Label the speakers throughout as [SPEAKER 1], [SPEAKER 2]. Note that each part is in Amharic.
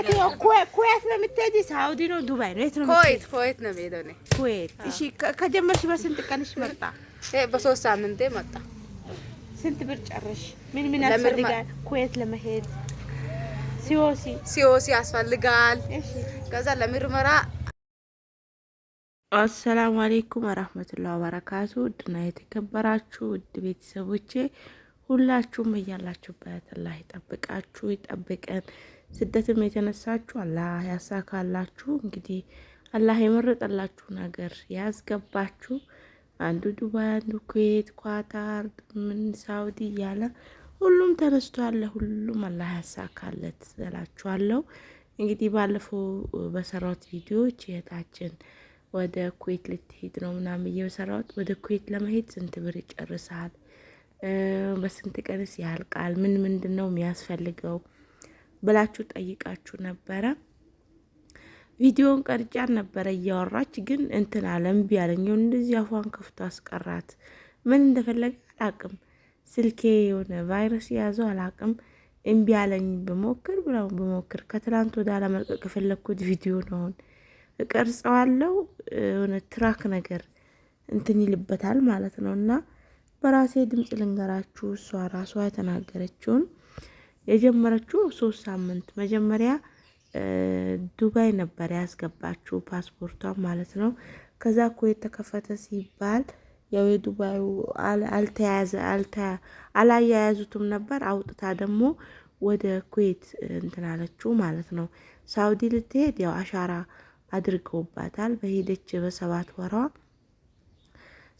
[SPEAKER 1] እውነት ኩዌት ነው የምትሄጂው? ሳውዲ ነው ዱባይ ነው
[SPEAKER 2] የት ነው? ኩዌት ኩዌት ነው የምሄደው እኔ
[SPEAKER 1] ኩዌት። እሺ ከጀመርሽ በስንት ቀንሽ መጣ?
[SPEAKER 2] በሶስት ሳምንቴ መጣ።
[SPEAKER 1] ስንት ብር ጨረሽ? ምን ምን ያስፈልጋል ኩዌት ለመሄድ? ሲኦሲ
[SPEAKER 2] ሲኦሲ ያስፈልጋል። ከዛ ለምርመራ
[SPEAKER 1] አሰላሙ አሌይኩም ወረህመቱላሂ ወበረካቱ። ውድና የተከበራችሁ ውድ ቤተሰቦቼ ሁላችሁም እያላችሁበት አላህ ይጠብቃችሁ ይጠብቀን። ስደትም የተነሳችሁ አላህ ያሳካላችሁ። እንግዲህ አላህ የመረጠላችሁ ነገር ያስገባችሁ። አንዱ ዱባይ፣ አንዱ ኩዌት፣ ኳታር፣ ምን ሳውዲ እያለ ሁሉም ተነስቷለ ሁሉም አላህ ያሳካለት እላችኋለሁ። እንግዲህ ባለፈው በሰራሁት ቪዲዮዎች እህታችን ወደ ኩዌት ልትሄድ ነው ምናምን ብዬ በሰራሁት ወደ ኩዌት ለመሄድ ስንት ብር ይጨርሳል፣ በስንት ቀንስ ያልቃል፣ ምን ምንድን ነው የሚያስፈልገው ብላችሁ ጠይቃችሁ ነበረ። ቪዲዮን ቀርጫ ነበረ እያወራች ግን እንትን አለም ቢያለኝ እንደዚህ አፏን ከፍቶ አስቀራት። ምን እንደፈለገ አላቅም። ስልኬ የሆነ ቫይረስ የያዘው አላቅም። እምቢ አለኝ ብሞክር ብለው ብሞክር ከትላንት ወደ አለመልቀቅ የፈለግኩት ቪዲዮ ነውን እቀርጸዋለው የሆነ ትራክ ነገር እንትን ይልበታል ማለት ነው። እና በራሴ ድምፅ ልንገራችሁ እሷ ራሷ የተናገረችውን የጀመረችው ሶስት ሳምንት መጀመሪያ ዱባይ ነበር ያስገባችው ፓስፖርቷ ማለት ነው። ከዛ ኩዌት ተከፈተ ሲባል ያው የዱባዩ አልተያዘ አላያያዙትም ነበር። አውጥታ ደግሞ ወደ ኩዌት እንትን አለችው ማለት ነው። ሳውዲ ልትሄድ ያው አሻራ አድርገውባታል። በሄደች በሰባት ወሯ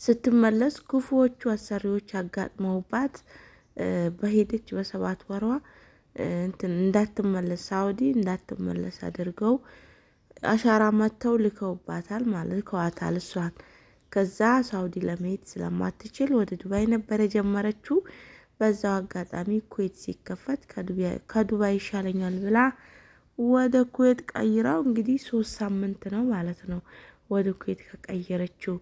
[SPEAKER 1] ስትመለስ ክፉዎቹ አሰሪዎች አጋጥመውባት በሄደች በሰባት ወሯ እንዳትመለስ ሳውዲ እንዳትመለስ አድርገው አሻራ መጥተው ልከውባታል ማለት ልከዋታል እሷን። ከዛ ሳውዲ ለመሄድ ስለማትችል ወደ ዱባይ ነበር የጀመረችው። በዛው አጋጣሚ ኩዌት ሲከፈት ከዱባይ ይሻለኛል ብላ ወደ ኩዌት ቀይራው እንግዲህ ሶስት ሳምንት ነው ማለት ነው ወደ ኩዌት ከቀየረችው።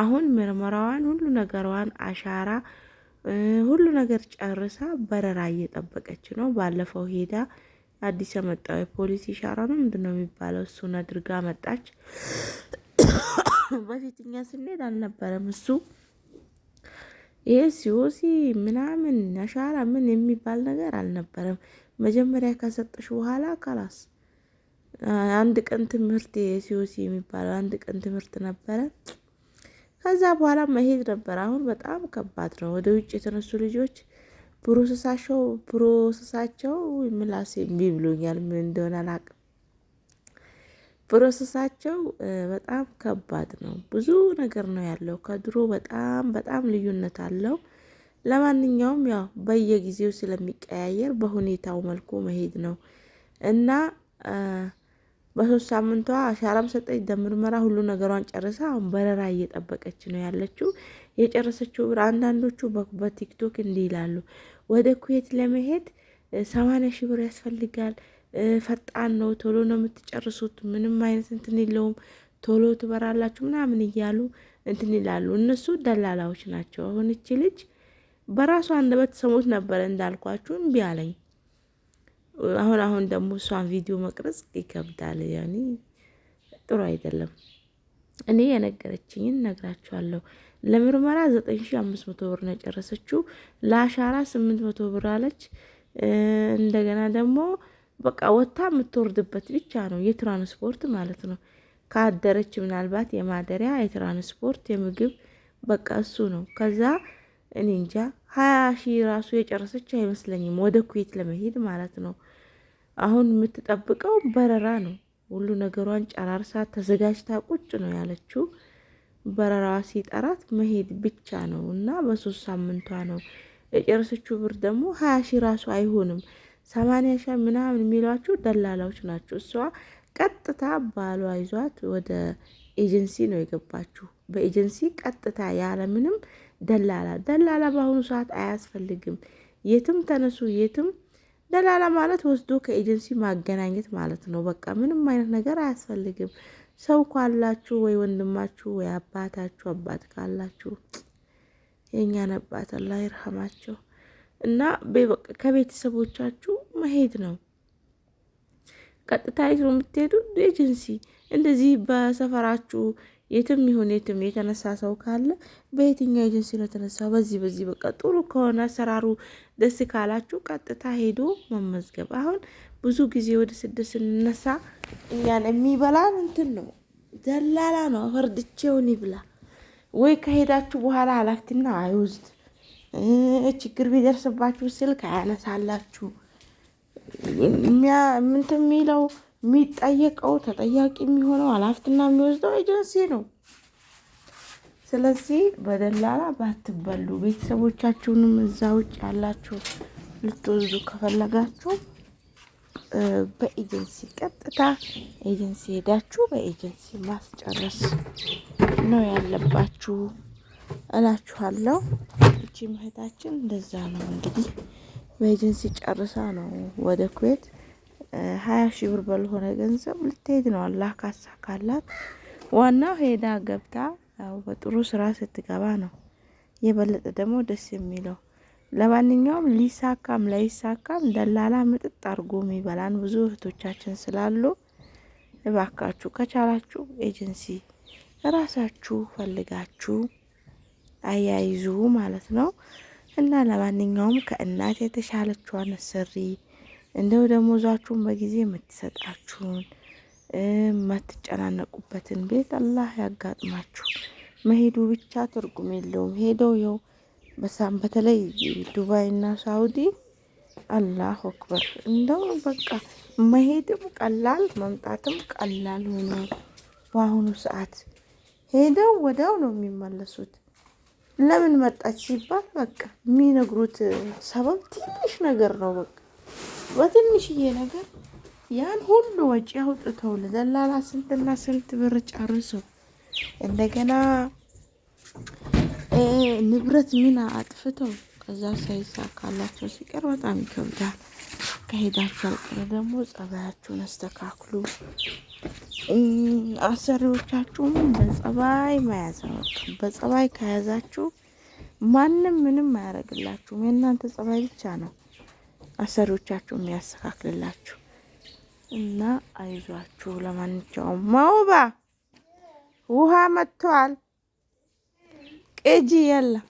[SPEAKER 1] አሁን ምርመራዋን ሁሉ ነገሯን አሻራ ሁሉ ነገር ጨርሳ በረራ እየጠበቀች ነው። ባለፈው ሄዳ አዲስ የመጣው የፖሊስ ኢሻራ ነው ምንድን ነው የሚባለው? እሱን አድርጋ መጣች። በፊት ስንሄድ አልነበረም እሱ ይሄ ሲወሲ ምናምን አሻራ ምን የሚባል ነገር አልነበረም። መጀመሪያ ከሰጠሽ በኋላ ከላስ አንድ ቀን ትምህርት ሲወሲ የሚባለው አንድ ቀን ትምህርት ነበረ። ከዛ በኋላ መሄድ ነበር። አሁን በጣም ከባድ ነው። ወደ ውጭ የተነሱ ልጆች ፕሮሰሳቸው ፕሮሰሳቸው ምላሴ እምቢ ብሎኛል። ምን እንደሆነ አላቅም። ፕሮሰሳቸው በጣም ከባድ ነው። ብዙ ነገር ነው ያለው። ከድሮ በጣም በጣም ልዩነት አለው። ለማንኛውም ያው በየጊዜው ስለሚቀያየር በሁኔታው መልኩ መሄድ ነው እና በሶስት ሳምንቷ አሻራም ሰጠች፣ ደም ምርመራ፣ ሁሉ ነገሯን ጨርሳ አሁን በረራ እየጠበቀች ነው ያለችው። የጨረሰችው ብር አንዳንዶቹ በቲክቶክ እንዲህ ይላሉ፣ ወደ ኩዌት ለመሄድ ሰማንያ ሺህ ብር ያስፈልጋል፣ ፈጣን ነው፣ ቶሎ ነው የምትጨርሱት፣ ምንም አይነት እንትን የለውም፣ ቶሎ ትበራላችሁ ምናምን እያሉ እንትን ይላሉ። እነሱ ደላላዎች ናቸው። አሁን እቺ ልጅ በራሷ አንደበት ሰሞት ነበረ እንዳልኳችሁ እምቢ አለኝ። አሁን አሁን ደግሞ እሷን ቪዲዮ መቅረጽ ይከብዳል። ያኔ ጥሩ አይደለም። እኔ የነገረችኝን ነግራችኋለሁ። ለምርመራ ዘጠኝ ሺ አምስት መቶ ብር ነው የጨረሰችው። ለአሻራ ስምንት መቶ ብር አለች። እንደገና ደግሞ በቃ ወታ የምትወርድበት ብቻ ነው የትራንስፖርት ማለት ነው። ካደረች ምናልባት የማደሪያ የትራንስፖርት፣ የምግብ በቃ እሱ ነው። ከዛ እኔ እንጃ ሀያ ሺህ ራሱ የጨረሰች አይመስለኝም ወደ ኩዌት ለመሄድ ማለት ነው። አሁን የምትጠብቀው በረራ ነው። ሁሉ ነገሯን ጨራርሳ ተዘጋጅታ ቁጭ ነው ያለችው። በረራዋ ሲጠራት መሄድ ብቻ ነው እና በሶስት ሳምንቷ ነው የጨረሰችው። ብር ደግሞ ሀያ ሺ ራሱ አይሆንም። ሰማንያ ሺህ ምናምን የሚሏችሁ ደላላዎች ናቸው። እሷ ቀጥታ ባሏ ይዟት ወደ ኤጀንሲ ነው የገባችሁ። በኤጀንሲ ቀጥታ ያለምንም ደላላ ደላላ በአሁኑ ሰዓት አያስፈልግም። የትም ተነሱ የትም ደላላ ማለት ወስዶ ከኤጀንሲ ማገናኘት ማለት ነው። በቃ ምንም አይነት ነገር አያስፈልግም። ሰው ካላችሁ ወይ ወንድማችሁ ወይ አባታችሁ አባት ካላችሁ የእኛን አባት አላህ ይርሐማቸው እና ከቤተሰቦቻችሁ መሄድ ነው። ቀጥታ የት ነው የምትሄዱ? ኤጀንሲ። እንደዚህ በሰፈራችሁ የትም ይሁን የትም የተነሳ ሰው ካለ በየትኛው ኤጀንሲ ነው የተነሳው? በዚህ በዚህ በቃ ጥሩ ከሆነ አሰራሩ ደስ ካላችሁ ቀጥታ ሄዶ መመዝገብ። አሁን ብዙ ጊዜ ወደ ስደት ስንነሳ እኛን የሚበላን እንትን ነው፣ ደላላ ነው። ፈርድቼውን ይብላ ወይ ከሄዳችሁ በኋላ ኃላፊትና አይወስድ፣ ችግር ቢደርስባችሁ ስልክ አያነሳላችሁ። ምንት የሚለው የሚጠየቀው ተጠያቂ የሚሆነው አላፍትና የሚወስደው ኤጀንሲ ነው። ስለዚህ በደላላ ባትበሉ፣ ቤተሰቦቻችሁንም እዛ ውጭ ያላችሁ ልትወዙ ከፈለጋችሁ በኤጀንሲ ቀጥታ ኤጀንሲ ሄዳችሁ በኤጀንሲ ማስጨረስ ነው ያለባችሁ እላችኋለሁ። እቺ ምህታችን እንደዛ ነው እንግዲህ በኤጀንሲ ጨርሳ ነው ወደ ኩዌት ሀያ ሺ ብር በልሆነ ገንዘብ ልትሄድ ነው። አላህ ካሳካላት ዋናው ሄዳ ገብታ ያው በጥሩ ስራ ስትገባ ነው የበለጠ ደግሞ ደስ የሚለው። ለማንኛውም ሊሳካም ላይሳካም ደላላ ምጥጥ አርጎ የሚበላን ብዙ እህቶቻችን ስላሉ እባካችሁ ከቻላችሁ ኤጀንሲ ራሳችሁ ፈልጋችሁ አያይዙ ማለት ነው። እና ለማንኛውም ከእናት የተሻለችዋን ስሪ እንደው ደሞዛችሁን በጊዜ የምትሰጣችሁን የማትጨናነቁበትን ቤት አላህ ያጋጥማችሁ። መሄዱ ብቻ ትርጉም የለውም። ሄደው የው በሳም በተለይ ዱባይና ሳውዲ አላሁ አክበር። እንደው በቃ መሄድም ቀላል መምጣትም ቀላል ሆኖ በአሁኑ ሰዓት ሄደው ወዲያው ነው የሚመለሱት። ለምን መጣች ሲባል በቃ የሚነግሩት ሰበብ ትንሽ ነገር ነው በቃ በትንሽዬ ነገር ያን ሁሉ ወጪ አውጥተው ለዘላላ ስንትና ስንት ብር ጨርሰው እንደገና ንብረት ሚና አጥፍተው ከዛ ሳይሳካላቸው ሲቀር በጣም ይከብዳል። ከሄዳችሁ አልቀረ ደግሞ ጸባያችሁን አስተካክሉ። አሰሪዎቻችሁም በጸባይ መያዝ አወቅ። በጸባይ ከያዛችሁ ማንም ምንም አያደርግላችሁም። የእናንተ ጸባይ ብቻ ነው። አሰሪዎቻችሁ የሚያስተካክልላችሁ እና አይዟችሁ። ለማንኛውም መውባ ውሃ መጥቷል፣ ቅጂ የለም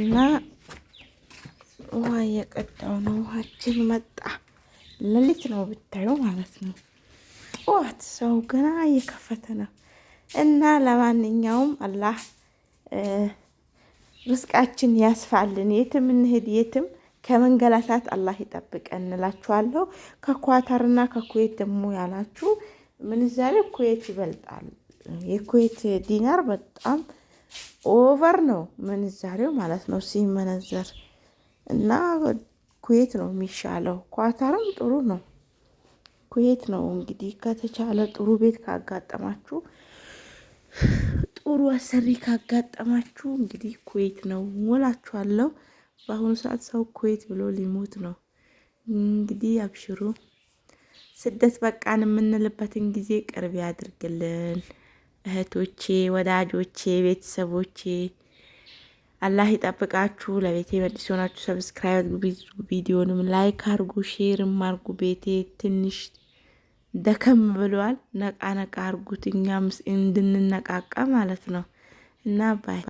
[SPEAKER 1] እና ውሃ እየቀዳው ነው። ውሃችን መጣ። ሌሊት ነው ብታዩ ማለት ነው። ጠዋት ሰው ገና እየከፈተ ነው። እና ለማንኛውም አላህ ርስቃችን ያስፋልን። የትም እንሄድ የትም ከመንገላታት አላህ ይጠብቀን እንላችኋለሁ። ከኳታርና ከኩዌት ደግሞ ያላችሁ ምንዛሬ ኩዌት ይበልጣል። የኩዌት ዲናር በጣም ኦቨር ነው ምንዛሬው ማለት ነው ሲመነዘር እና ኩዌት ነው የሚሻለው። ኳታርም ጥሩ ነው። ኩዌት ነው እንግዲህ ከተቻለ ጥሩ ቤት ካጋጠማችሁ፣ ጥሩ አሰሪ ካጋጠማችሁ እንግዲህ ኩዌት ነው ሞላችኋለሁ። በአሁኑ ሰዓት ሰው ኩዌት ብሎ ሊሞት ነው። እንግዲህ አብሽሩ። ስደት በቃን የምንልበትን ጊዜ ቅርብ ያድርግልን። እህቶቼ፣ ወዳጆቼ፣ ቤተሰቦቼ አላህ ይጠብቃችሁ። ለቤቴ መልስ ሆናችሁ ሰብስክራይብ ቪዲዮንም ላይክ አርጉ፣ ሼርም አርጉ። ቤቴ ትንሽ ደከም ብሏል። ነቃ ነቃ አርጉት፣ እኛም እንድንነቃቃ ማለት ነው እና ባይ